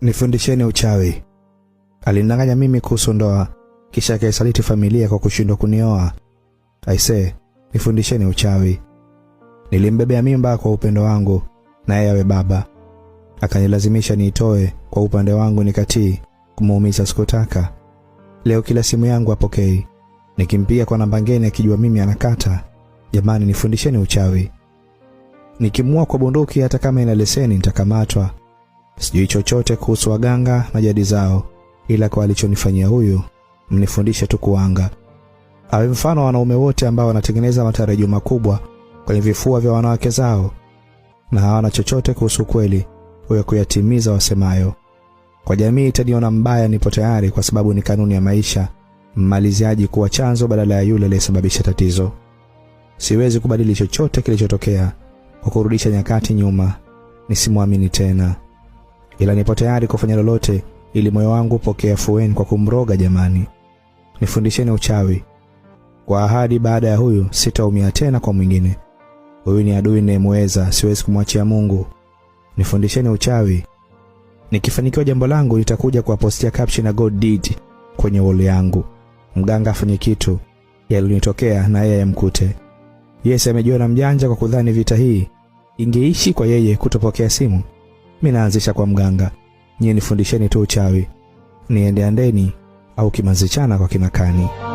nifundisheni uchawi. Alinidanganya mimi kuhusu ndoa, kisha akaisaliti familia kwa kushindwa kunioa. aise nifundisheni uchawi. Nilimbebea mimba kwa upendo wangu, na yeye awe baba. Akanilazimisha niitoe. Kwa upande wangu nikatii, kumuumiza sikutaka. Leo kila simu yangu apokei, nikimpiga kwa namba ngeni akijua mimi anakata. Jamani, nifundisheni uchawi. Nikimua kwa bunduki, hata kama ina leseni nitakamatwa. Sijui chochote kuhusu waganga na jadi zao, ila kwa alichonifanyia huyu, mnifundishe tu kuanga. Awe mfano wanaume wote ambao wanatengeneza matarajio makubwa kwenye vifua vya wanawake zao na hawana chochote kuhusu kweli huyo kuyatimiza wasemayo. Kwa jamii itaniona mbaya, nipo tayari, kwa sababu ni kanuni ya maisha, mmaliziaji kuwa chanzo badala ya yule aliyesababisha tatizo. Siwezi kubadili chochote kilichotokea kwa kurudisha nyakati nyuma, nisimwamini tena ila nipo tayari kufanya lolote ili moyo wangu upokee afueni kwa kumroga, jamani, nifundisheni uchawi kwa ahadi. Baada ya huyu sitaumia tena kwa mwingine. Huyu ni adui ninayemweza, siwezi kumwachia Mungu. Nifundisheni uchawi. Nikifanikiwa jambo langu, nitakuja kuwapostia caption na god did kwenye wall yangu. Mganga afanye kitu yalionitokea na yeye yamkute. Yese amejiona mjanja kwa kudhani vita hii ingeishi kwa yeye kutopokea simu mimi naanzisha kwa mganga, nyie nifundisheni tu uchawi, niende andeni au kimanzichana kwa kinakani.